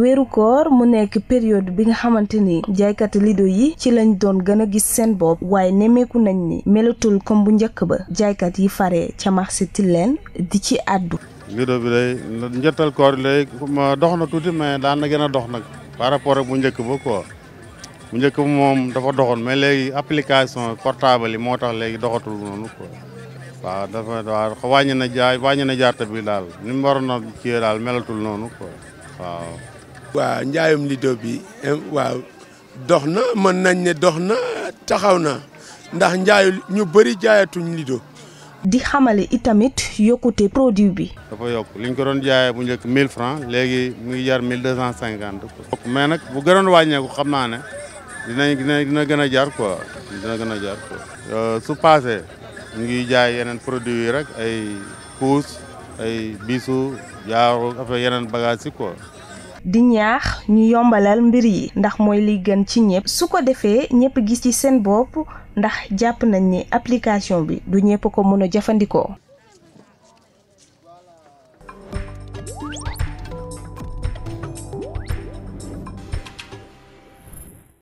weeru koor mu nekk période bi nga xamante ni jaaykati lido yi ci lañ doon gëna gis seen bopp waaye nemmeeku nañ ni melatul comme bu njëkk ba jaaykat yi fare ca marché Tilène di ci àddu lido bi day njëttal koor lay dox na tuuti mais daan gëna dox nag par rapport ak bu njëkk ba quoi bu njëkk ba moom dafa doxoon mais léegi application portable yi moo tax léegi doxatul noonu quoi waaw dafa waaw wàññi na jaay wàññi na jaarta bi daal ni mu waroon a ciyee daal melatul noonu ko waaw. waaw njaayum lido bi waaw dox na mën nañ ne dox na taxaw na ndax njaayu ñu bëri jaayatuñ lido. di xamale itamit yokkute produit bi. dafa yokk li ñu ko doon jaayee bu njëkk mille francs léegi mu ngi jar 1250. mais nag bu gënoon wàññeeku xam naa ne dinañ dina dina gën a jar quoi dina gën a jar quoi. Euh, su paasee. ñu ngi jaay yeneen produit yi rek ay puus ay bisu jaaru affaire yeneen bagage yi quoi. di ñaax ñu yombalal mbir yi ndax mooy li gën ci ñëpp su ko defee ñëpp gis ci seen bopp ndax jàpp nañ ni application bi du ñëpp ko mën a jëfandikoo.